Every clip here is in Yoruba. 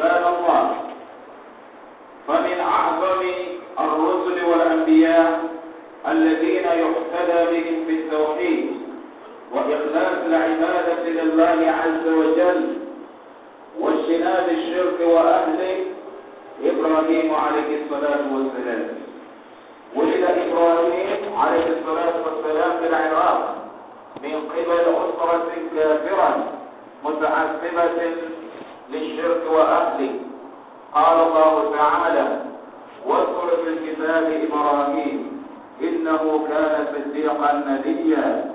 عباد الله فمن أعظم الرسل والأنبياء الذين يقتدى بهم في التوحيد وإخلاص العبادة لله عز وجل واجتناب الشرك وأهله إبراهيم عليه الصلاة والسلام ولد إبراهيم عليه الصلاة والسلام في العراق من قبل أسرة كافرة متعصبة للشرك وأهله قال الله تعالى واذكر في الكتاب إبراهيم إنه كان صديقا نبيا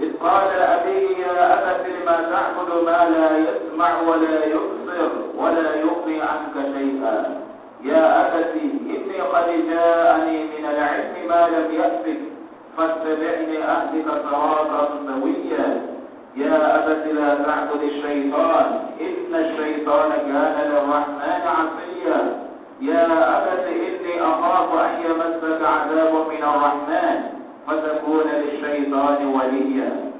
إذ قال لأبيه يا أبت لما تعبد ما لا يسمع ولا يبصر ولا يغني عنك شيئا يا أبت إني قد جاءني من العلم ما لم يأتك فاتبعني أهدك صراطا سويا يا أبت لا تعبد الشيطان إن الشيطان كان للرحمن عصيا يا أبت إني أخاف أن يمسك عذاب من الرحمن فتكون للشيطان وليا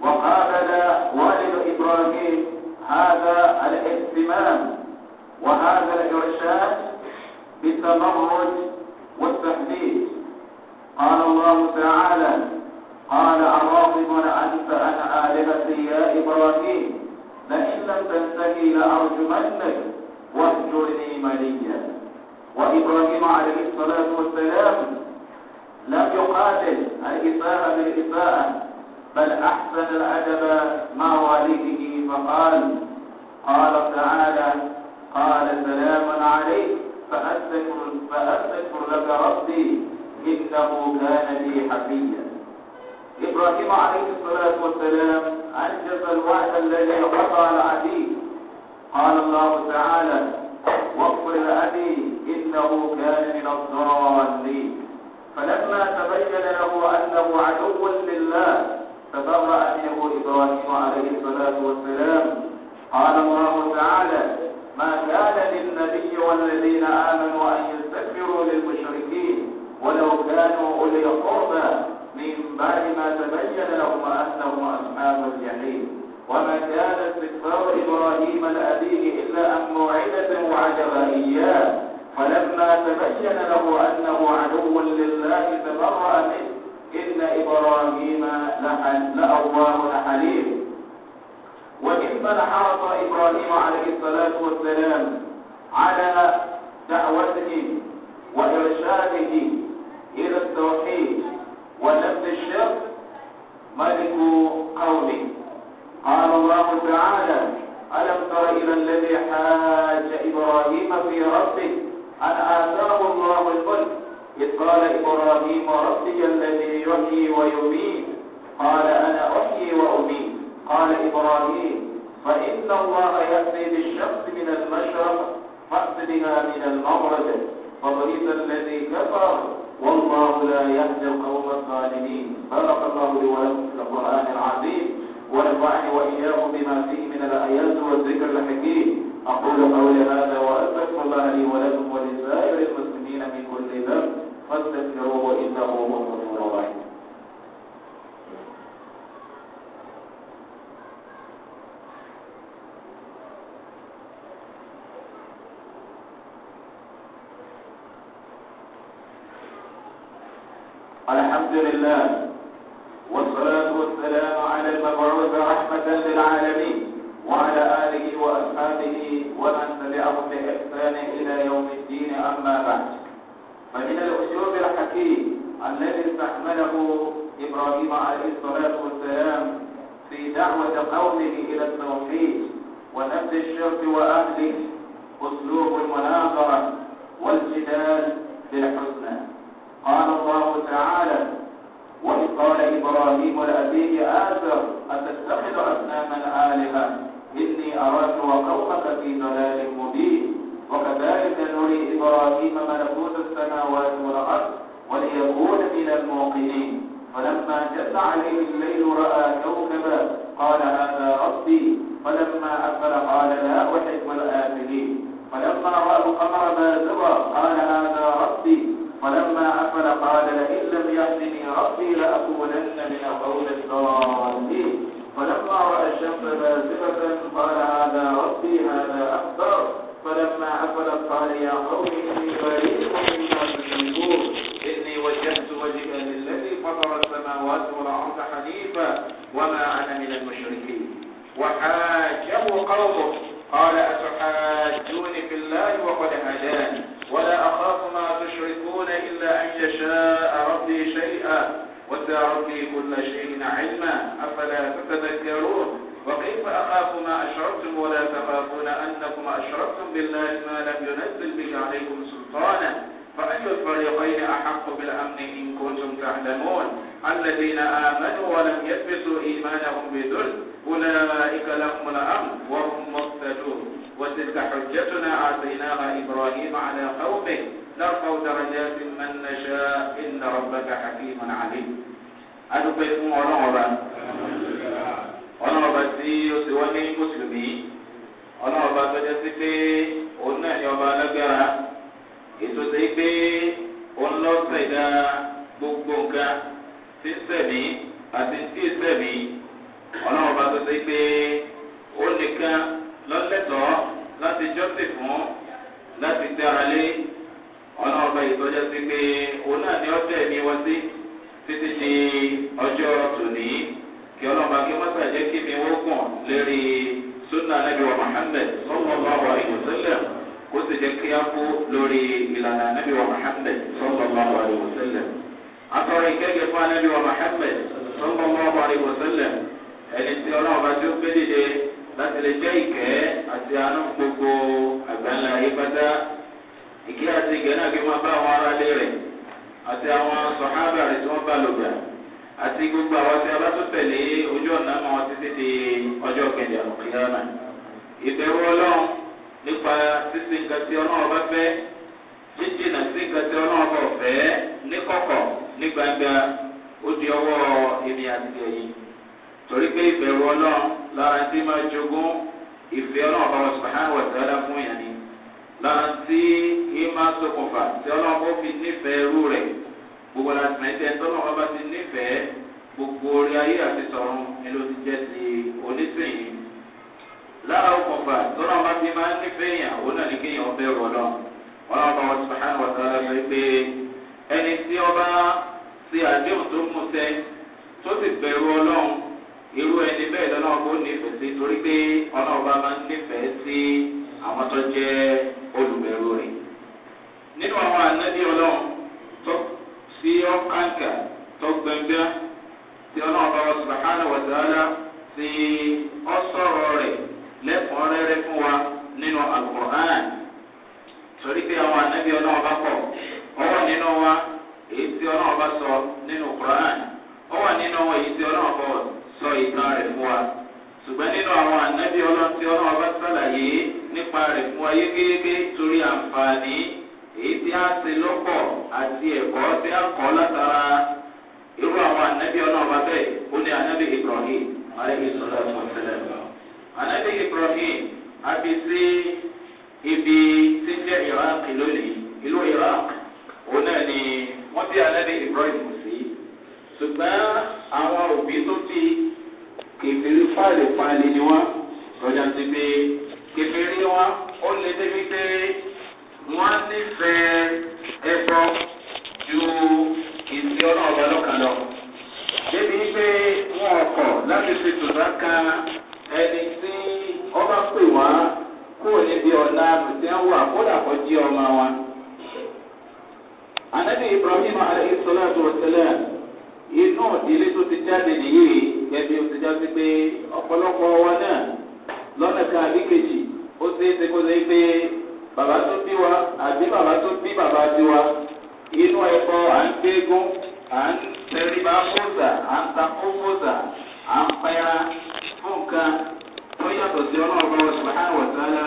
وقابل والد إبراهيم هذا الاهتمام وهذا الإرشاد بالتمرد والتحديد قال الله تعالى قال أراغب أنت عن آلهتي يا إبراهيم لئن لم تنتهي لأرجمنك واهجرني مليا وإبراهيم عليه الصلاة والسلام لم يقاتل الإساءة بالإساءة بل أحسن الأدب مع والده فقال قال تعالى قال سلام عليك فأذكر لك ربي إنه كان لي حفيا إبراهيم عليه الصلاة والسلام أنجز الوعد الذي قطع العدي قال الله تعالى واغفر لأبي إنه كان من الضالين فلما تبين له أنه عدو لله تبرأ منه إبراهيم عليه الصلاة والسلام قال الله تعالى ما كان للنبي والذين آمنوا أن يستكبروا للمشركين ولو كانوا أولي قربى من بعد ما تبين لهم أنهم أصحاب الجحيم وما كان استغفار إبراهيم لأبيه إلا أن موعدة وعجب إياه فلما تبين له أنه عدو لله تبرأ منه إن إبراهيم لأواه لحليم وإذ حرص إبراهيم عليه الصلاة والسلام على دعوته وإرشاده إلى التوحيد ولا ابن الشر ملك قومه قال الله تعالى ألم تر إلى الذي حاج إبراهيم في ربه أن آتاه الله الملك إذ قال إبراهيم ربي الذي يحيي ويميت قال أنا أحيي وأميت قال إبراهيم فإن الله يأتي بالشمس من المشرق فأت بها من المغرب فضرب الذي كفر والله لا يهدي القوم الظالمين بارك الله لي القرآن العظيم ونفعني وإياكم بما فيه من الآيات والذكر الحكيم أقول قولي هذا وأستغفر الله لي ولكم ولسائر المسلمين من كل ذنب فاستغفروه إنه هو الغفور الرحيم الله والصلاة والسلام على المبعوث رحمة للعالمين وعلى آله وأصحابه ومن تبعهم بإحسان إلى يوم الدين أما بعد فمن الأسلوب الحكيم الذي استحمله إبراهيم عليه الصلاة والسلام في دعوة قومه إلى التوحيد ونبذ الشرك وأهله أسلوب المناظرة والجدال بالحسنى قال الله تعالى وإذ قال إبراهيم لأبيه آزر أتتخذ أصناما آلهة إني أراك وقومك في ضلال مبين وكذلك نري إبراهيم ملكوت السماوات والأرض وليكون من الموقنين فلما جل عليه الليل رأى كوكبا قال هذا ربي فلما أفل قال لا أحب الآفلين فلما رأى القمر بازرا قال هذا ربي فلما أفل قال لئن لم يهدني ربي لأكونن من القوم الضالين فلما رأى الشمس بازغة قال هذا ربي هذا أكبر فلما أفلت قال يا قوم إني بريء مما تشركون إني وجهت وجهي للذي فطر السماوات والأرض حنيفا وما أنا من المشركين وحاجه قومه قال أتحاجوني في الله وقد هداني ولا أخاف ما تشركون إلا أن يشاء ربي شيئا وسع ربي كل شيء علما أفلا تتذكرون وكيف أخاف ما أشركتم ولا تخافون أنكم أشركتم بالله ما لم ينزل به عليكم سلطانا فأي الفريقين أحق بالأمن إن كنتم تعلمون الذين آمنوا ولم يلبسوا إيمانهم بذل أولئك لهم الأمن وهم مقتدون وتلك حجتنا آتيناها إبراهيم على قومه نرفع درجات من نشاء إن ربك حكيم عليم adúpẹ́ fún ọlọ́run ọba ọlọ́run ọba tí ó ti wá ní mùsùlùmí ọlọ́run ọba tó jẹ́ sí pé òun náà ní ọba alágbára ètò sí pé òun lọ ṣẹ̀dá gbogbo nǹkan tí ń ṣẹ̀mí àti tí ń ṣẹ̀mí ọlọ́run ọba tó sí pé ó nìkan lọ́sẹ̀tọ̀ láti jọ́sìn fún láti tẹ́ra lé ọ̀nà ọba ìtọ́jà sí pé òun náà ni ọ̀sẹ̀ mi wá sí títí di ọjọ́ tòní kí ọlọ́ba kí wọ́n sàjẹ́ kí mi wọ́gùn lérí sunna anabi wa muhammed sallallahu alayhi wa sallam kó sì jẹ́ kí a kú lórí ìlànà anabi wa muhammed sallallahu alayhi wa sallam. atọ́rọ̀ ìkẹ́kẹ́ fún anabi wa muhammed sallallahu wa sallam ẹni tí ọlọ́ba tó gbé dìde. láti lè jẹ́ ìkẹ́ àti àánú gbogbo àgbáńlá ayé pátá ìkẹ́ àti ìkẹ́ náà kí wọ́n bá àwọn ará lé rẹ̀ àti àwọn sọ̀hábà rẹ̀ tí wọ́n bá àti gbogbo àwọn tí a bá tún tẹ̀lé ojú ọ̀nà àwọn títí di ọjọ́ kẹjọ àlùkìyàmà. ìbẹ̀rù ọlọ́run nípa títí nǹkan tí ọlọ́run bá fẹ́ jíjìnà sí nǹkan tí ọlọ́run bá fẹ́ ní ní gbangba ó di ọwọ́ àti lára tí máa jogún ìfẹ́ ọlọ́run bá lọ́sùn hàn wà tẹ́lá fún yẹn ni lára tí ìmá ṣokùnfà tí ọlọ́run kò fi nífẹ̀ẹ́ irú rẹ̀ gbogbo la tẹ̀lé tẹ́ tọ́lọ́run bá ti nífẹ̀ẹ́ gbogbo orí ayé àti sọ̀run ni ló ti jẹ́ ti onísìnyí lára okùnfà tọ́lọ́run bá ti máa nífẹ̀ẹ́ yàn òun náà ní kéèyàn ọbẹ̀ rọ̀ náà wọn lọ́wọ́ bá wọn sùn hàn wà tẹ́lá fún pé ẹni tí ọba ti àdéhùn tó mú sẹ́ tó sì bẹ̀rù irú ẹni bẹ́ẹ̀ lọ́nà ọgbó nífẹ̀ẹ́ sí torí pé ọ̀nà ọba máa ń nífẹ̀ẹ́ sí àwọn tó jẹ́ olùbẹ̀rù rẹ̀. nínú àwọn ànádìí ọlọ́run tó sí ọ̀kàǹkà tó gbẹ̀ngbẹ́ tí ọ̀nà ọba subahana wàdàlá ti ọ̀sọ̀rọ̀ rẹ̀ lẹ́kùnrẹ́rẹ́ fún wa nínú alukur'an torí pé àwọn ànádìí ọlọ́run bá pọ̀ ọwọ́ nínú wa èyí tí ọ̀nà ọba sọ nínú kur'an ó wà nínú àwọn èyí tí ọlọ́run bọ̀ sọ ìtàn rẹ̀ fún wa ṣùgbọ́n nínú àwọn ànábì ọlọ́run tí ọlọ́run bá sàlàyé nípa rẹ̀ fún wa yékéyéké torí àǹfààní èyí tí a ṣe lọ́pọ̀ àti ẹ̀kọ́ tí a kọ́ látara irú àwọn ànábì ọlọ́run bá bẹ́ẹ̀ ó ní ànábì ibrahim alẹ́bí sọ̀rọ̀ ẹ̀fọ́ sẹ́lẹ̀ ànábì ibrahim a fi sí ibi tí jẹ́ iraq lónìí ìlú iraq òun náà ni wọ́n bí ànábì ibrahim ṣùgbọ́n àwọn òbí tó fi kèfèrí fáìlì fáìlì ni wọ́n lọ́jà ti pé kèfèrí wọn ó lè débi pé wọ́n nífẹ̀ẹ́ ẹ̀fọ́ ju ìsìn ọlọ́ọ̀bá lọ́kàn lọ. débi pé wọ́n kọ̀ láti fi tùbá kan ẹni tí ọba pè wá kúrò níbi ọ̀la àbùtẹ́wò kọjí ọmọ wa. anabi ibrahim alayhi inú ìdílé tó ti jáde nìyí gẹbi o ti jáde pé ọ̀pọ̀lọpọ̀ wa náà lọ́nà kan àbí kejì ó ṣe é ṣe kó ṣe pé bàbá tó bí wa àbí bàbá tó bí bàbá bí wa inú ẹ̀kọ́ à ń gbégún à ń tẹríba fòsà à ń ta kó fòsà à ń pẹ́ra fún nǹkan tó yàtọ̀ sí ọlọ́run bá wọn sùn láì wọ̀ sára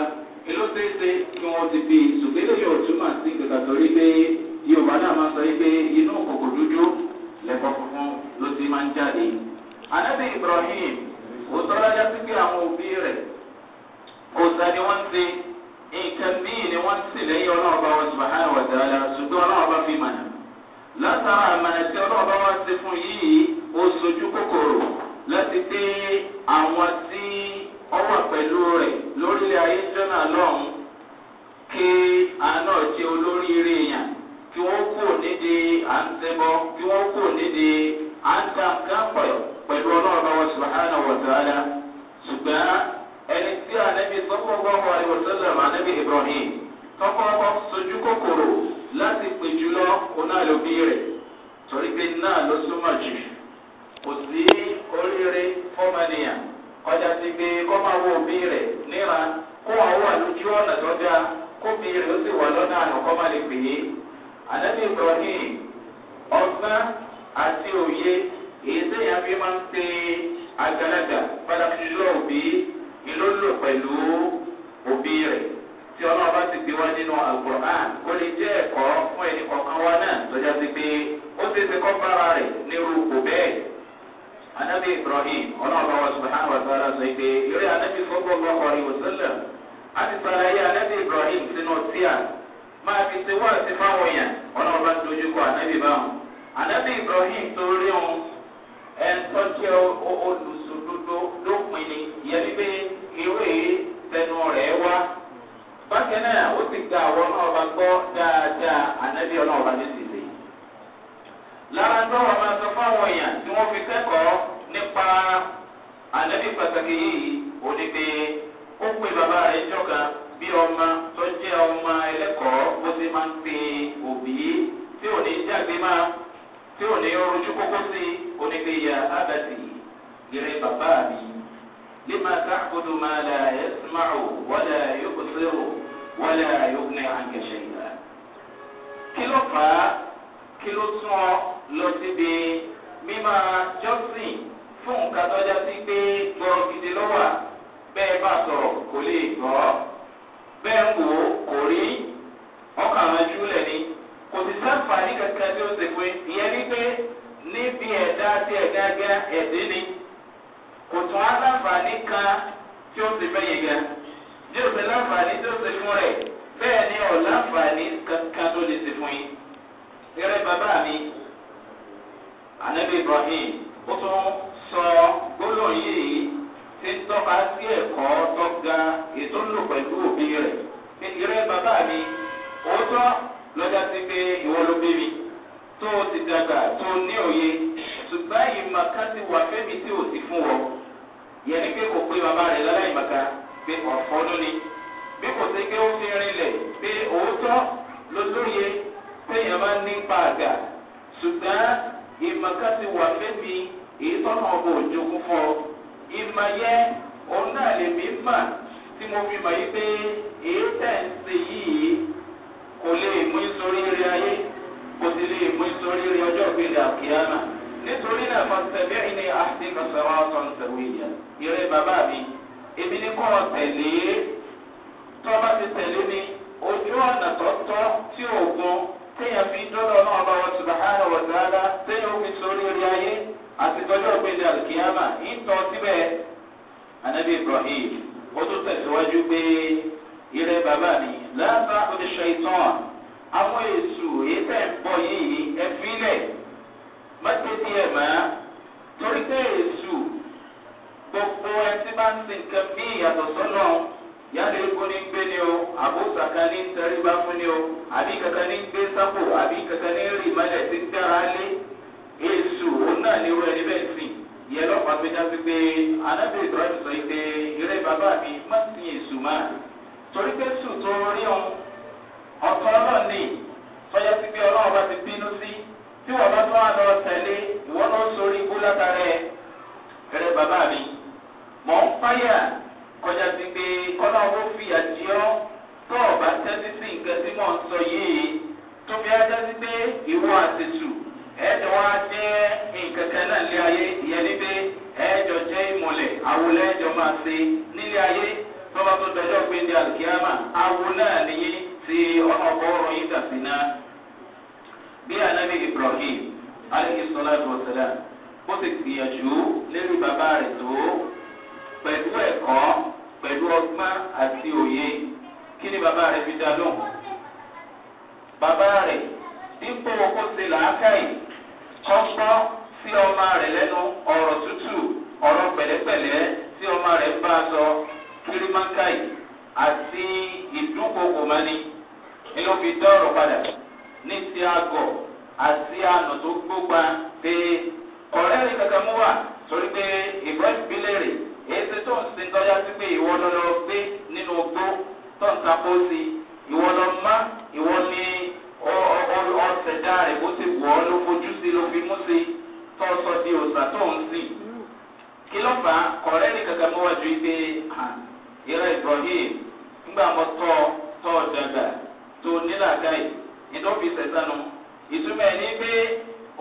ìlú ṣe é ṣe kí wọ́n ti bí ṣùgbọ́n eléyìí túmọ̀ sí ìgbàgbọ́ lẹ́kọ̀ọ́ funfun ló ti máa ń jáde. Anábì Ibrahim ó tọ́lá yá sí pé àwọn òbí rẹ̀ òòsà ni wọ́n ń nǹkan míì ni wọ́n ń lẹ́yìn ọlọ́ọ̀bá wa subahana wa ta'ala ṣùgbọ́n ọlọ́ọ̀bá fi mànà. Látara àmàlà tí ọlọ́ọ̀bá wa ṣe fún yìí ó sojú kòkòrò láti dé àwọn tí ọ wà pẹ̀lú rẹ̀ lórílẹ̀ ayé jọ́nà lọ́hùn-ún kí àánọ̀ jẹ́ olóríire yàn. kí wọ́n kú nídi à ń tẹ́bọ́ kí wọ́n kú nídi à ń ta nǹkan pẹ̀lú ọlọ́ọ̀lọ́wọ́ subahana wàtàlá ṣùgbọ́n ẹni tí ànábi sọ́kọ̀ọ́kọ́ àìwọ̀sẹ́lẹ̀ ànábi ibrahim tọ́kọ́ọ́kọ́ sojú kòkòrò láti pè jùlọ onáàlóbí rẹ̀ torí pé náà ló jù kò sí oríire ọjà ti gbé òbí rẹ̀ níra kó àwọn ọ̀nà tó dáa kó bí rẹ̀ ó sì wà lọ́nà àná lè pè ànábì ibrahim ọgbọ́n àti òye èyí sẹ́yìn afi máa ń ṣe àgbàlagbà pàtàkì lọ òbí ìlú lò pẹ̀lú òbí rẹ̀ tí ọlọ́run bá ti gbé wá nínú alukur'an ó lè jẹ́ ẹ̀kọ́ fún ẹnì kọ̀ọ̀kan wá náà lọ́jà sí pé ó ti ṣe kọ́ bára rẹ̀ nírú kò bẹ́ẹ̀. anabi ibrahim ọlọ́run bá wa subahana wa sọ́ra sọ pé eré anabi fọ́gbọ́n bá wà ní wòsàn lẹ̀ á anabi ibrahim sínú tíà máa fi ṣe wọ́n ti fáwọn èèyàn ọlọ́run bá dojú kọ ànábì báwọn. ànábì ibrahim tó rí òun ẹ̀ńtọ́ jẹ́ olùsòdodo lópin ni yẹn pé ìwé tẹnu rẹ̀ wá. bákan náà ó ti gba àwọn ọlọ́ọ̀bá gbọ́ dáadáa ànábì ọlọ́ọ̀bá ní ti lè. lára ń dọ́wọ́ máa sọ fáwọn èèyàn tí wọ́n fi kẹ́kọ̀ọ́ nípa ànábì pàtàkì yìí ó ní pé ó pè bàbá rẹ̀ jọ̀kan. bí ọma tó jẹ́ ọmọ ẹlẹ́kọ̀ọ́ bó ti máa ń pe òbí tí ò ní jáde máa tí ò ní rojú kókó sí onígbéyà ábàtì ìrìn bàbá mi. lima la wala yubsiru wala yugni anka shay'a. kí ló fà á kí ló tún ọ lọ fún nǹkan tó sí pé gidi lọ́wọ́ bẹ́ẹ̀ bá bẹ́ẹ̀ ń wò ó kò rí ọkàn ni kò sì sáǹfààní kankan tí ó ṣe pé ìyẹn ní pé níbi ẹ̀dá tí ẹ̀dá gẹ́ ni kò tún á sáǹfààní kan tí ó ṣe bẹ́yẹn gẹ́ ní òṣèlú láǹfààní tí ó ṣe fún rẹ̀ bẹ́ẹ̀ ni ọ̀láǹfààní kankan tó lè ṣe fún yín. Gẹ́gẹ́ bàbá mi, Ànábì Ibrahim, ó tún sọ ti ń tọ́ka sí ẹ̀kọ́ tó ga ètò ń lò pẹ̀lú òbí rẹ̀ pé ìrẹ́ bàbá mi òótọ́ lọ́jà sí pé ìwọ ló bí mi tó o ti dàgbà tó o ní òye ṣùgbọ́n ìmọ̀ká ti wà fẹ́mi tí o ti fún wọ yẹni pé kò pé bàbá rẹ̀ lọ́la ìmọ̀ká pé ọ̀fọ́ ló ní bí kò sí pé ó fi rinlẹ̀ pé òótọ́ ló lóye pé èèyàn máa ń nípa àgà ṣùgbọ́n ìmọ̀ká ti wà fẹ́mi èyí tọ́nà ọ. ìmọ̀ yẹn òun náà lè mí mà tí mo fi mọ̀ yí pé èyí tẹ̀ ń ṣe yìí kò lè mú ìsorí rí ayé kò sì lè mú ìsorí rí ọjọ́ ìgbélé àkíyàmà nítorí náà mo tẹ̀lé ìní àti kọ̀sọ̀rọ̀ ọ̀sán tẹ̀wé ìrẹ́ bàbá mi èmi ní kọ́ tẹ̀lé tọ́ba ti tẹ̀lé mi ojú ọ̀nà tọ́tọ́ tí téèyàn fi dọ́lọ́ náà bá wọn ṣùgbọ́n téèyàn ó fi sórí rí ayé. àtìtọ́jú ọ̀gbìnrin alkiyama ń tọ́ síbẹ̀ anabi ibrahim ó tún tẹ̀síwájú pé ìrẹ́ bàbá mi lábá oníṣẹ́ ìtàn àwọn èsù èyí tẹ̀ ń bọ̀ yìí ẹ fílẹ̀ mọ́tẹ́tì ẹ̀ mọ́ torí pé èsù gbogbo ẹ ti máa ń sin nǹkan bí ìyàtọ̀ sọ́nà yálà egun ní gbé ni o àbúsà kan ní tẹríba fún ni o àbí kankan ní gbé sápò àbí kankan ní rì mọ́lẹ̀ ń dára lé èsù náà ní irú ẹni bẹ́ẹ̀ sìn yẹ lọ́pàá tó já sí pé anábì ibrahim sọ pé eré bàbá mi má sin èṣù má torí pé sù tó rí òun ọkọ ọlọ́run ní sọjá sí pé ọlọ́run bá ti bínú sí tí wọ́n bá tó wà lọ tẹ̀lé ìwọ́n lọ sórí ikú látara ẹ̀ eré bàbá mi mọ̀ ń fáyà kọjá sí pé kọ́lá owó fìyà jí ọ́ tó ọ̀bá tẹ́tí sí nǹkan tí mò ń sọ yìí tó bí ajá sí pé ìwọ àtẹ̀tù ẹ̀ẹ́dẹ̀ wá jẹ́ nǹkan kan náà lé ayé ìyẹn ní pé ẹ̀ẹ́dọ̀ jẹ́ ìmọ̀lẹ̀ àwòlẹ̀ ẹ̀ẹ́dọ̀ máa ṣe nílé ayé tọ́ba tó dọjọ́ pé ní àlùkíyàmà awo náà nìyí ti ọ̀nà ọgọ́rùn yìí dàsí náà. bí anabi ibrahim aleyhi sọlá tó sẹlẹ̀ ó ti gbìyànjú lérí bàbá rẹ̀ tó pẹ̀lú ẹ̀kọ́ pẹ̀lú ọgbọ́n àti òye kí ni bàbá rẹ̀ fi dá lóhùn. bàbá rẹ̀ ipò kó ti làákàyè kọ́gbọ́n sí ọmọ rẹ̀ lẹ́nu ọ̀rọ̀ tútù ọ̀rọ̀ pẹ̀lẹ́pẹ̀lẹ́ tí ọmọ rẹ̀ bá sọ kirimakai àti ìdúnkokò mani inú fi dọ́rọ̀ padà ní ti àgọ̀ àti àná tó gbógba pé ọ̀rẹ́ rẹ̀ kankan mú wà torí pé ìbọn ìbílẹ̀ rẹ̀ èyí tó ń sin tọ́já sí pé ìwọ lọ́lọ́ gbé nínú ogbó tó ń ta pósí ìwọ lọ́ má ìwọ ní. na rẹ̀ ti wọ̀ ọ́ ló fojú fi mú sí di òòsà tó ń sìn. kí ló fà á kọ̀rẹ́ ní kankan mọ́ wájú ibi ìrẹ́ ibrahim ńgbà mọ́ tọ́ tọ́ dàgbà tó nílàkà yìí ìdóbi sẹ̀sánu ìtumọ̀ ibe ní pé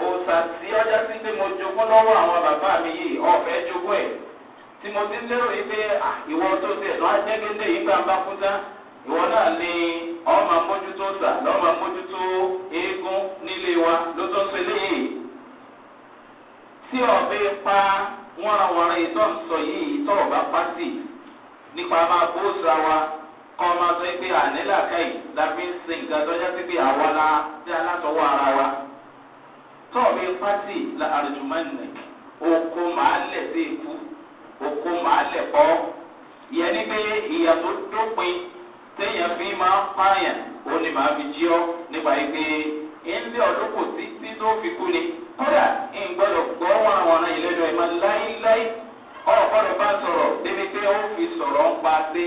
òòsà tí ọjà sí pé mo jogún lọ́wọ́ àwọn bàbá mi yìí ọ̀fẹ́ jogún ẹ̀ tí mo ti lérò yìí pé ìwọ náà ni ọmọ mójútó sà lọ́mọ mójútó eégún nílé wa ló tó ń ṣe léyìí tí ọ̀bẹ pa wọ́nrawọ́nra ìtọ́ sọ yìí tọ́ ọ̀bá pàṣẹ nípa máa bó wa sọ pé la ń sin nǹkan tó yẹ pé àwa la ti alátọwọ́ ara wa la oko màá lẹ̀ sí ikú oko màá lẹ̀ yẹn ni pé ìyàtọ̀ dópin. téèyàn fi máa ń pààyàn ó ní màá fi jí ọ nípa ìpè ilé ọdún kò sí tí tó fi kú ni kódà ìgbọ́dọ̀ gbọ́ wọn àwọn ará ìlẹ́nu ẹ̀ máa láíláí ọ̀rọ̀ gbọ́dọ̀ bá sọ̀rọ̀ débi pé ó fi sọ̀rọ̀ ń pa pé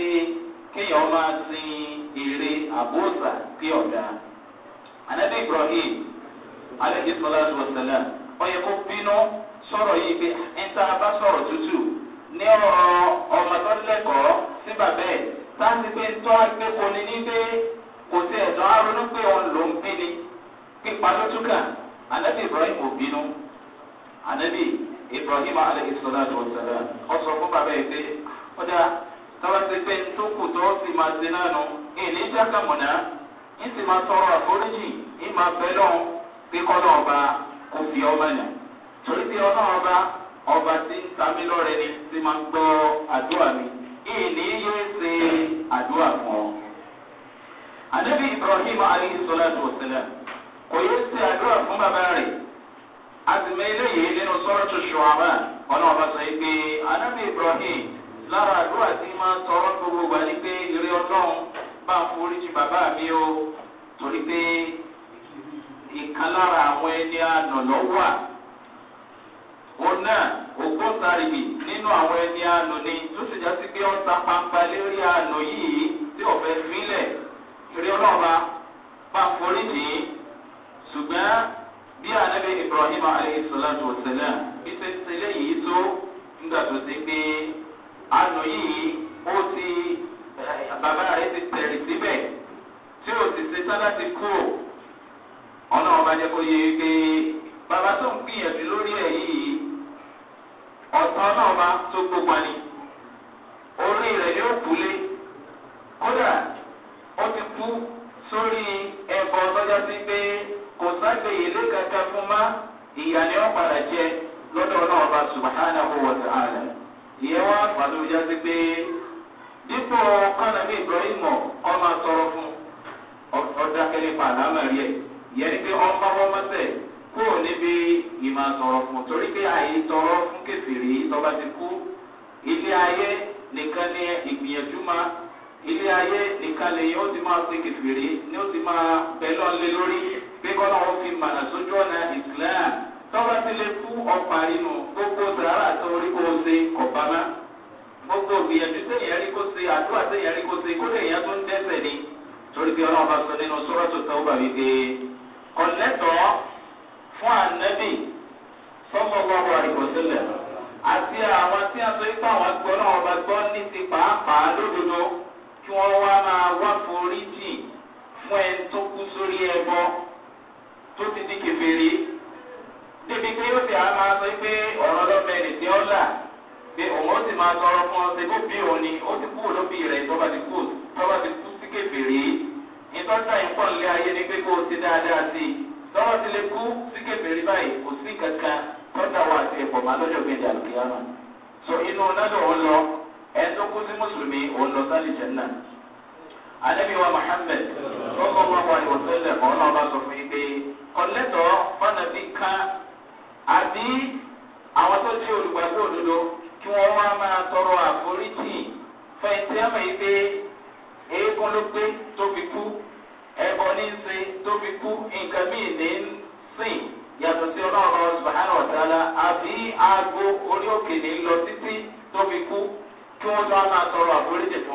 kéèyàn máa sin èrè àbóòsà sí ọ̀dà. Ànábì Ibrahim alẹ́ ìsọ̀lá ṣọ̀sẹ̀lẹ̀ ọ̀yẹ́ kó bínú sọ̀rọ̀ yìí pé ẹ̀ńtà bá sọ̀rọ̀ tútù ní ọ̀rọ̀ ọmọ tó lẹ́kọ̀ọ́ sí láti pé tọ́ pé kò ní ní pé kò sí ẹ̀dán aronú pé òun ló ń bí ni pípa lótúkà ànábì ibrahim ò bínú ànábì ibrahim aleyhisselam ọ̀sẹ̀lẹ̀ ọ̀sọ̀ fún bàbá yìí pé ọ̀dà ah, tọ́wọ́ ti pé tó kù tó sì máa ṣe náà nù èlé jákà mọ̀nà yìí sì máa tọrọ àforíjì yìí máa bẹ́ lọ́hùn pé kọ́nà ọba kò fi ọmọ yàn torí pé ọ̀nà ọba ọba ti ń ta mí lọ́rẹ́ ni ti máa gbọ́ àdúrà mi. ìní yóò ihe ese fún ọ. ànábì ibrahim alayhisalatu wasalam kò yóò ṣe àdúrà fún bàbá rẹ̀ a sì mọ eléyìí nínú sọ́rọ́ tó ọba sọ ibrahim lara si ma tọrọ gbogbo mi o ògbóǹtarìgì nínú àwọn ẹni àánú ni tó sì já sí pé ó ta pampa lérí àánú yìí tí ọ̀fẹ́ fílẹ̀ eré ọlọ́ọ̀ba bá forí jì í ṣùgbọ́n bí anabi ibrahim aleyhisselatu wasalam bí tẹ́tẹ́lẹ̀ yìí tó nígbà tó ti pé àánú yìí ó ti eh, bàbá rẹ̀ ti tẹ̀rì síbẹ̀ tí ó ti ṣe tán láti kú ọlọ́ọ̀ba jẹ́ kó yẹ e pé bàbá tó ń gbìyànjú lórí ẹ̀ yìí. ọ̀sán náà bá tó gbogbo ni orí rẹ̀ yóò kúlé kódà ó ti kú sórí ẹ̀kọ́ lọ́jọ́ sí pé kò ságbéyèlé kankan fún ma ìyá ni wọ́n padà jẹ lọ́dọ̀ náà bá subhanahu wa ta'ala ìyẹn wá fàlójá sí pé dípò ibrahim kọ́ máa sọ̀rọ̀ fún ẹ̀ pé bá wọ́n kúrò níbi ìmọ̀ sọ̀rọ̀ fún torí pé àyè tọrọ fún kẹfìrí tọba ti kú ilé ayé nìkan ní ìgbìyànjú máa ilé ayé nìkan lèyìn ó ti máa pe kẹfìrí ni ó ti máa bẹ lọ́nlé lórí pé kọ́nà ó fi mànà sójú ọ̀nà islam tọ́ba ti lè kú ọ̀pá inú gbogbo sàrà tó rí kó ṣe kọ̀bámá gbogbo gbìyànjú sẹ́yìn rí kó ṣe àdúrà sẹ́yìn rí kó ṣe kódà èèyàn tó ń dẹ́sẹ̀ ni torí pé ọlọ́run sọ nínú sọ́rọ́tò tó bàbí pé kọ̀lẹ́tọ̀ọ́. fún ànábì sallallahu alaihi àti àwọn tí a sọ ipá àwọn gbọ́ náà ọba gbọ́ ní ti pàápàá lódodo kí wọ́n wá máa wá foríjì fún ẹni tó kú sórí ẹbọ tó ti di kèfèrí débi pé ó sì á máa sọ pé ọ̀rọ̀ tí tọrọ fún ọ ṣe kó bí òun ni ó ti kú lóbi rẹ̀ ti kú tọ́ba ti kú sí o ti dáadáa sí i. lọ́wọ́ ti lè kú sí kébèrè báyìí kò sí kankan tọ́jà wa àti ẹ̀pọ̀ máa lọ́jọ́ kejì àlùkìyàmà so inú lọ́dọ̀ òun lọ ẹ̀ẹ́dọ́ kú sí mùsùlùmí òun lọ sálì jẹ́nà. alẹ́bí wa muhammed lọ́kọ̀ wọn wà ìwọ̀sẹ̀lẹ̀ ọ̀nà ọba sọ fún yín pé kọ́lẹ́tọ̀ fọ́nàbí ká àbí àwọn tó ti olùgbàgbọ́ òdodo kí wọ́n wá máa tọrọ àforíjì fẹ̀yìntì ẹbọ ní í ṣe tó fi kú nǹkan míì ní í yàtọ̀ sí ọlọ́run ọba subhanahu àbí aago orí òkè ní lọ títí tó kú kí wọ́n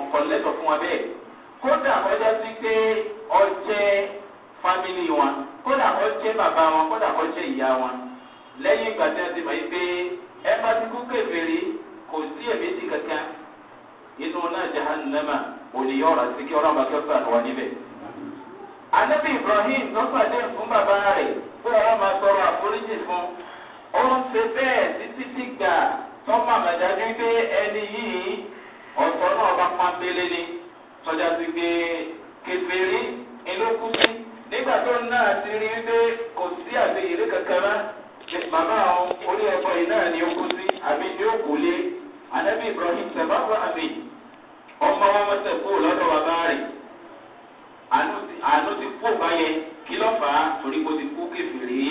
fún fún wa bẹ́ẹ̀. kódà sí pé ọjẹ́ fámìlì wọn kódà ọjẹ́ bàbá wọn kódà ọjẹ́ ìyá wọn lẹ́yìn ìgbà tí wọ́n ti mọ̀ yí anabi ibrahim ló pàdé fún bàbá rẹ̀ pé ọlọ́ máa sọ̀rọ̀ àforíjì fún ó ń ṣe bẹ́ẹ̀ títí dìgbà tó má màdájú pé ẹni yìí ọ̀sọ́ náà bá pa pélé ni tọ́jà ti gbé kẹfẹ́rí ìlókù sí nígbà tó náà ti rí pé kò sí àbí ìlú kankan rá àwọn orí ẹ̀fọ́ yìí náà ni ó kú sí àbí ni ó kú lé anabi ibrahim sẹ̀bá wà àbí ọmọ wọn mọ̀ sẹ́kù lọ́dọ̀ bàbá rẹ̀. àánú ti kú báyẹn kí ló fà á torí kó ti kú kékeré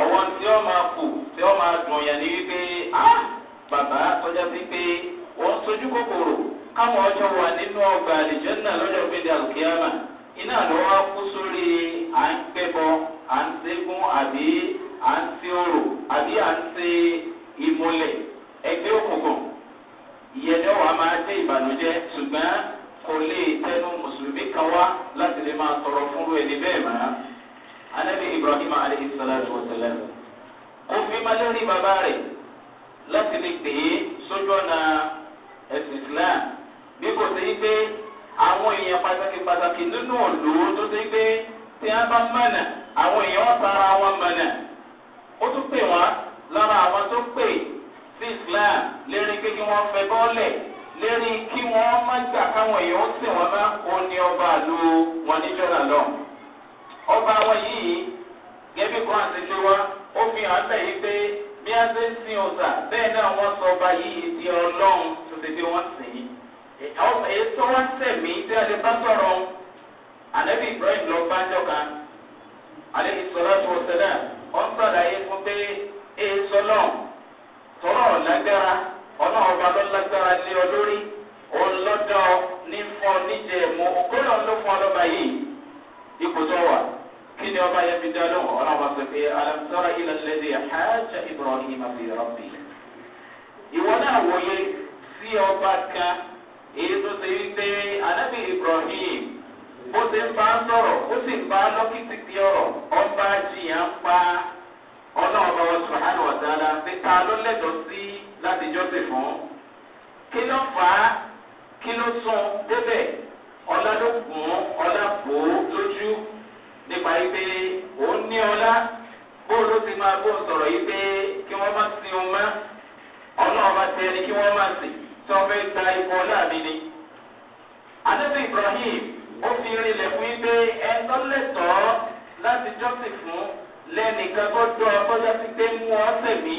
ọwọ́ tí ó máa kù tí ó máa dùn yẹn ni wípé bàbá tọ́já sí pé wọ́n sojú kòkòrò káwọn ọjọ́ wà nínú ọgbà àlejò náà lọ́jọ́ gbẹ̀dẹ̀ àlùkìyàmà iná ló wá kú sórí à ń gbẹ́bọ à ń ṣẹ́gun àbí à ń àbí à ń ìmúlẹ̀ kò lè tẹnu mùsùlùmí kan wá láti lè máa sọ̀rọ̀ fúnru ẹni bẹ́ẹ̀ mọ́. anabi ibrahim alayhi salatu wa salam kò fi malẹ́rì bàbá rẹ̀ láti lè pè é sójú ọ̀nà ẹ̀sìn islam bí kò sí pé àwọn èèyàn pàtàkì pàtàkì nínú òlò tó ti gbé tí a bá mọ̀nà àwọn èèyàn wọn tara wọn mọ̀nà ó tún pè wọn lára àwọn tó pè sí islam lérí pé kí wọ́n fẹ́ bọ́ọ̀lẹ̀ lérí kí wọ́n má gbà káwọn èèyàn ó sìn wọ́n má òun ni ọba àlú wọn lọ. ọba wọn yìí gẹ́bí kan àti si ó fi hàn bẹ́ẹ̀ yìí pé bí a ń sin sọ ọba yìí di ọlọ́run di wọ́n sìn yìí. èyí tó wọ́n tẹ̀mí tí a lè bá sọ̀rọ̀ ànábì ibrahim lọ bá jọ̀ka àlẹ́ ìsọ̀rọ̀ tó ṣẹlẹ̀ ọ̀ sọ̀rọ̀ ayé fún ọ̀nà ọba ló lágbára lé ọ lórí òun lọ́dọ̀ ní fún ọ níjẹ̀ mú òkúrò ló fún ọ lọ́ba yìí ipò tó wà kí ni ọba yẹn fi dá lóhùn ọ̀nà ọba sọ pé alamtara ilẹ̀ lẹ́dẹ̀ hajj ibrahim fi rọ́bì. ìwọ náà wòye sí ọba kan èyí tó ṣe wípé anábì ibrahim bó ṣe ń bá ń sọ̀rọ̀ ó sì ń bá lọ́kìtìkì ọ̀rọ̀ ọba jìyàn pa ọlọ́ọ̀bá wa subhanahu wa ta'ala láti jọ́sìn fún. kí ló fà á kí ló sún débẹ̀ ọlá ló gùn ọlá bò ó lójú nípa yìí pé òun ní ọlá bó ló ti máa bó sọ̀rọ̀ yìí pé kí wọ́n má sin òun mọ́ ọlọ́run bá tẹ ẹni kí wọ́n má sìn tí wọ́n fẹ́ gba ipò ọlá mi ni. adébẹ̀ ibrahim ó fi rinlẹ̀ fún yín pé ẹ̀ńtọ́ lẹ́tọ̀ọ́ láti jọ́sìn fún lẹ́nìkan gbọ́dọ̀ ọgbọ́dọ̀ sí pé mú ọ́ sẹ̀mí.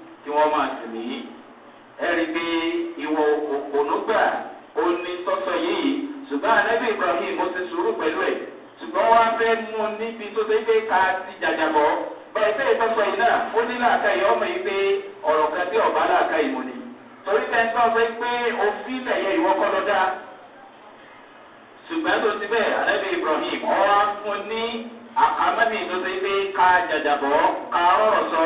tí wọ́n máa sì nìyí. ẹ̀rí bí ìwọ ònúgbà òní tọ́sọ yìí ṣùgbọ́n anábì ibrahim ó ti sùúrù pẹ̀lú ẹ̀ ṣùgbọ́n wọ́n á fẹ́ mú un níbi tó ṣe pé ká ti jàjàbọ̀ bẹ́ẹ̀ tẹ́ ìtọ́sọ yìí náà ó ní làákà yìí ọmọ yìí pé ọ̀rọ̀ kan tí ọ̀bá làákà yìí mú ni. torí tẹ́ńtọ́ sọ pé òfin lẹ̀yẹ ìwọ kọ́ lọ dá ṣùgbọ́n tó ti bẹ́ẹ̀ anábì ibrahim ọ̀rọ̀ á fún un ní àmọ́mì tó ṣe pé ká jàjàbọ̀ ká ọ̀rọ̀ sọ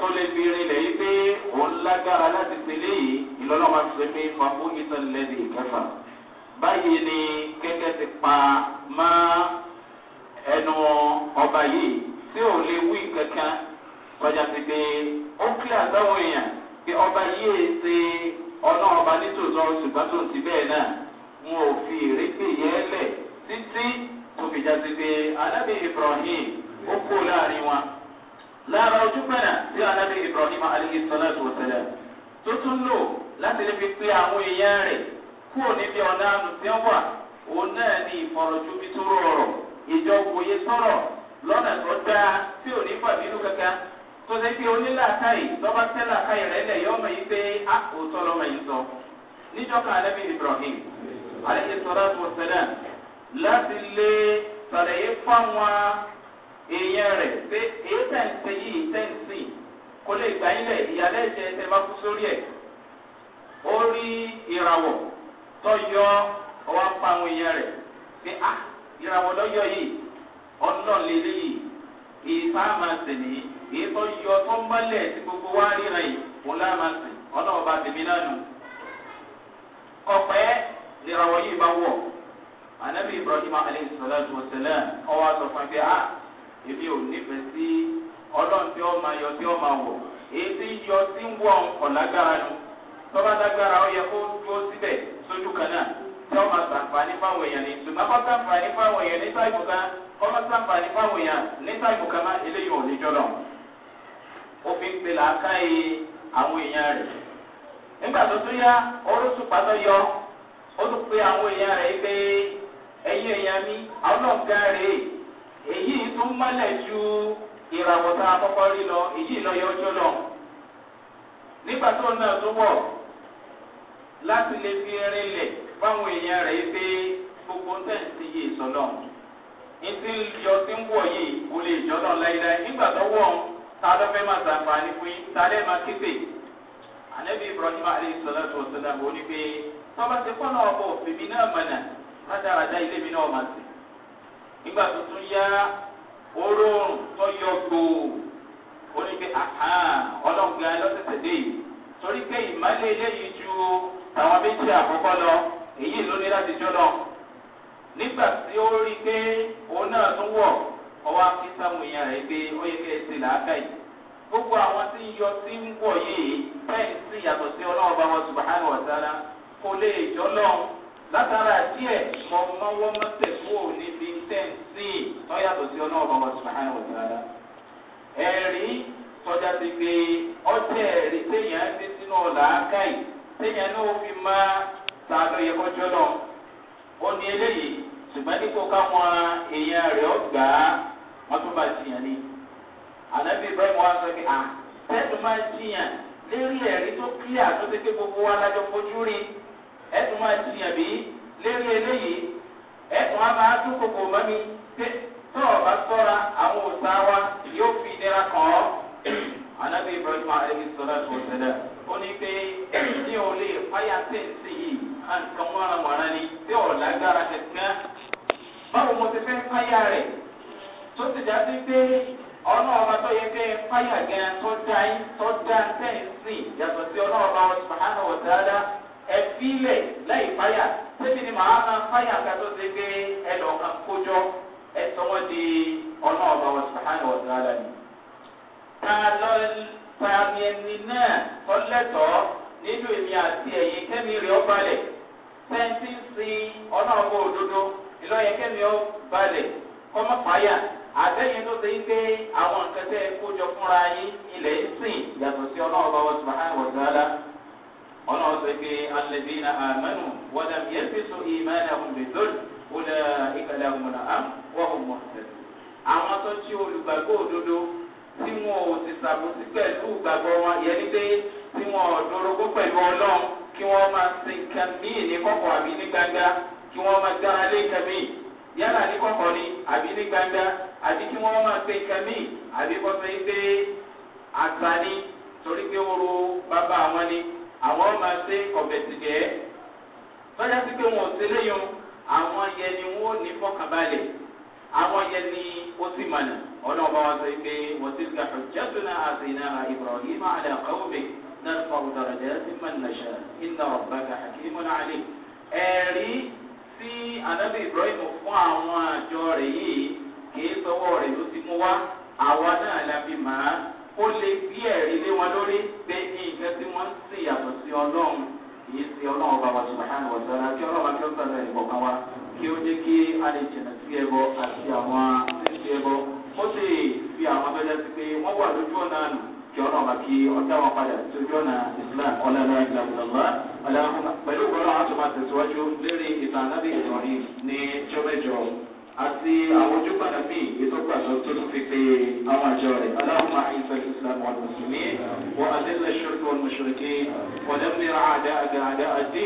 tó lè fi rinlẹ̀ yìí pé òun lágbára láti pèlè yìí ìlọ́lọ́wọ́ ti pé fàbó ìtàn lẹ́dí ìkẹfà. báyìí ni kẹ́kẹ́ ti pa má ẹnu ọba yìí tí ò lè wí kankan kọjá ti pé ó kílẹ̀ àtàwọn èèyàn pé ọba yìí ṣe ọ̀nà ọba nítòótọ́ ṣùgbọ́n tó ti bẹ́ẹ̀ náà wọn ò fi ìrégbè yẹn lẹ̀ títí tó fi já pé alábẹ́ ibrahim ó kó láàrin wọn lára ojú pẹ̀lá sí anábì ibrahim alayhi salatu wa salam tó tún lò láti lè fi pé àwọn èèyàn rẹ̀ kúrò níbi ọ̀nà àlùsẹ́wà òun náà ní ìfọ̀rọ̀júmi tó rọrọ̀ ìjọ òye sọ̀rọ̀ lọ́nà tó dáa tí ò ní fàbínú kankan tó ṣe pé onílàákàyè lọ́ba tẹ́làkàyè rẹ̀ lẹ̀ yọ́mọ yìí pé a ah, kò tọ́ lọ́mọ yìí sọ. níjọ́ka anábì ibrahim alayhi salatu láti lè sàlàyé fáwọn. èèyàn rẹ̀ pé èyí tẹ̀ ń ṣe yìí tẹ̀ ń sìn kò lè gbà yín lẹ̀ ìyàlẹ́ ìjẹ ẹsẹ̀ bá kú sórí ẹ̀ ó rí ìràwọ̀ tó ọwọ́ pa àwọn èèyàn rẹ̀ pé ah ìràwọ̀ yìí ọ̀nà yìí èyí tá a máa èyí tó yọ tó tí gbogbo wa ríran yìí òun láà máa sè ọ̀nà ọba tèmi náà nù ọ̀pẹ́ ìràwọ̀ yìí bá wọ̀ ànábì Ibrahim alayhi salatu wa salam ọwọ́ àtọ̀fọ̀ pé ah. èmi ò nífẹ̀ẹ́ sí ọlọ́run tí ó máa yọ tí ó máa wọ̀ èyí tí ń yọ tí ń wọ̀ ọ̀lágbára nu tọ́ba dágbára ó yẹ kó dúró síbẹ̀ sójú kan náà tí ó máa sàǹfààní fáwọn èèyàn ní ṣùgbọ́n kọ́ sàǹfààní fáwọn èèyàn níta ìbùkà kọ́ máa sàǹfààní fáwọn èèyàn eléyìí ò ní jọlọ. ó fi ń àwọn èèyàn rẹ̀ nígbà tó yọ ó tún àwọn èèyàn rẹ̀ pé mi àwọn náà èyí tún mọ́lẹ̀ ju ìràwọ̀ tá rí lọ èyí lọ́yọ̀ ọjọ́ náà nígbà tó náà tó wọ̀ láti lè fi rinlẹ̀ fáwọn èèyàn rẹ̀ yìí pé gbogbo ń tẹ̀sí yìí yọ sí ń wọ̀ yìí kò lè nígbà tó wọ̀ ń ta ló fẹ́ máa ta máa kéde ibrahim ní pé tọ́ba ti fọ́nà ọkọ̀ nígbà tó tún yá olóòrùn tó yọ gbòò ó ní pé ọlọ́ọ̀gá lọ́sẹ̀sẹ̀ dé yìí torí pé ìmọ̀lẹ́ eléyìí ju àwọn méjì àkọ́kọ́ lọ èyí ló ní láti jọ lọ nígbà tí ó rí pé òun náà tún wọ̀ ọwọ́ akíta mu rẹ̀ pé ó yẹ làákà yìí gbogbo àwọn tí yọ sí ń wọ̀ yìí yàtọ̀ sí bá wọn látara díẹ̀ mọ̀ mọ́wọ́ mọ́tẹ̀ kúrò níbi tẹ́ǹsì tọ́yàtọ̀ sí ọlọ́run bàbá subahana wa ta'ala. ẹ̀rí tọ́jà ti pé ọjọ́ ẹ̀rí téèyàn ti sínú ọ̀là téèyàn náà fi máa ta lọ́yẹ kọjọ́ lọ. ó ní eléyìí ṣùgbọ́n dípò káwọn èèyàn rẹ̀ wọ́n tún bá ni. ànábì ibrahim wa sọ pé à tẹ́tù máa ẹ̀sùn máa jiyàn bí lérí eléyìí ẹ̀sùn á máa tún kòkò mọ́ mi tó ọba sọ́ra àwọn òòsà wa yóò fi ìnira kàn ọ́. anábì ibrahim alayhi salatu wa salam ó ní pé ní o lè fáyà tẹ̀sí yìí nǹkan mọ́ra-mọ́ra ni tí ò lágbára ẹ̀sìn báwo mo ti fẹ́ fáyà rẹ̀ tó ti dá sí pé ọlọ́ọ̀bá tó yẹ kẹ́ fáyà gan tó dá tẹ̀sí yàtọ̀ sí ọlọ́ọ̀bá ọ̀sùn àná ọ̀dáadáa ẹbí lẹ̀ láì fáyà sẹ́bi ni màá máa fáyà ká tó ṣe pé ẹlọ́kan kójọ ẹ̀sọ́ wọn di ọ̀nà ọ̀bà wọn sàhánì ọ̀sán ara ni. ta lọ ta ni ẹni náà tọ́lẹ̀tọ́ nínú èmi àti ẹ̀yìn kẹ́mi rẹ̀ ọ́ balẹ̀ fẹ́ǹsì ń sin ọ̀nà ọ̀bà òdodo ìlọ́yẹ kẹ́mi ọ́ balẹ̀ kọ́mọ́ fáyà àtẹ̀yìn tó ṣe pé àwọn nǹkan tẹ́ kójọ fúnra yín ilẹ̀ ń sìn yàtọ̀ sí ọ̀nà ọ̀bà wọn sàhánì ọ̀sán ara ọ̀nà ọ̀sẹ̀ pé alẹ́bíyìnà àmánù wọ́n dàm yẹn fi so ìmánà ọ̀hún lè dọ́lù ìkàlẹ̀ ọ̀hún náà wọ́n ọ̀sẹ̀. àwọn tó ti olùgbàgbọ́ òdodo tí wọn ò ti sàbòsí pẹ̀lú ìgbàgbọ́ wọn yẹn ní pé tí wọn ò dorogó pẹ̀lú ọlọ́run kí wọ́n máa sin nǹkan ní kọ̀kọ̀ àbí ní gbangba kí wọ́n máa dára lé nǹkan yálà ní kọ̀kọ̀ ni àbí ní gbangba àbí kí wọ́n máa sin nǹkan àbí kọ́sẹ́ pé àtàní torí pé oró bàbá àwọn ni àwọn máa ṣe ọbẹ̀ ti gẹ̀ ẹ́ tọ́jà sí pé wọn ò ṣe léyìn àwọn yẹn ni wọn ò ní fọkànbalẹ̀ àwọn yẹn ni ó sì mànà ọ̀nà ọba wa sọ pé wọ́n ti gbà hujjatuna atainaha ibrahima ala qawmi narfa'u darajati man nasha inna rabbaka hakimun alim ẹ̀rí tí anabi ibrahim fún àwọn àjọ rẹ̀ yìí kì í sọwọ́ rẹ̀ ló ti mú wá àwa náà la màá ó ṣe bí ẹ̀rí lé wọn lórí pé nǹkan tí wọ́n ń sì yàtọ̀ sí ọlọ́run kìí sí ọlọ́run ọba wa subahana wa sara kí ọlọ́run akẹ́ ọ̀sán rẹ̀ ìbọ̀kan wa kí ó jẹ́ kí a lè jìnà sí ẹbọ àti àwọn ṣíṣe ẹbọ ó sì fi àwọn abẹ́lẹ́ sí pé wọ́n wà lójú ọ̀nà àná kí ọlọ́run bá kí ọjà wọn padà sójú ọ̀nà islam ọ̀làlá ìgbàlódàlá pẹ̀lú ìgbọ́lọ́ àtúmọ̀ àtẹ̀síwájú lérí ìtàn àti àwọn ojúpadà míì ìtọ́gbà lọ tó tún fi pe àwọn àjọ rẹ̀ aláwọ̀ máa ń fẹ́ islam wọn mùsùlùmí wọn adélẹ̀ ṣọ́ọ̀kì wọn mùsùlùmí wọn dẹ́mìnira àdá àdá àdá àdé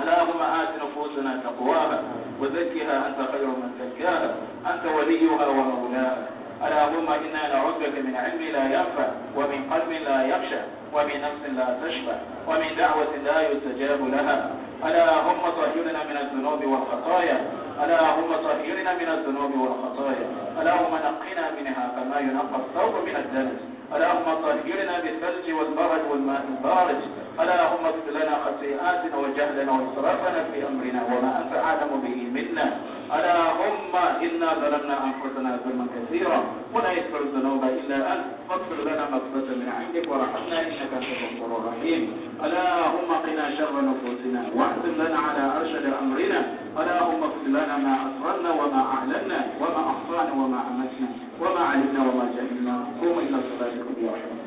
اللهم آت نفوسنا تقواها وزكها أنت خير من زكاها أنت وليها ومولاها اللهم إنا نعوذ بك من علم لا ينفع ومن قلب لا يخشى ومن نفس لا تشفى ومن دعوة لا يستجاب لها اللهم طهرنا من الذنوب والخطايا اللهم طهرنا من الذنوب والخطايا اللهم نقنا منها كما ينقى الثوب من الدنس اللهم طهرنا بالثلج والبرد والماء البارد اللهم اغفر لنا خطيئاتنا وجهلنا واسرافنا في امرنا وما انت اعلم به منا ألا هم إنا ظلمنا أنفسنا ظلما كثيرا ولا يغفر الذنوب إلا أنت فاغفر لنا مغفرة من عندك وارحمنا إنك أنت الغفور الرحيم ألا هم قنا شر نفوسنا واحسن لنا على أرشد أمرنا ألا هم اغفر لنا ما أسررنا وما أعلنا وما أحصانا وما أمسنا وما علمنا وما جهلنا قوم إلى صلاتكم يا رحمة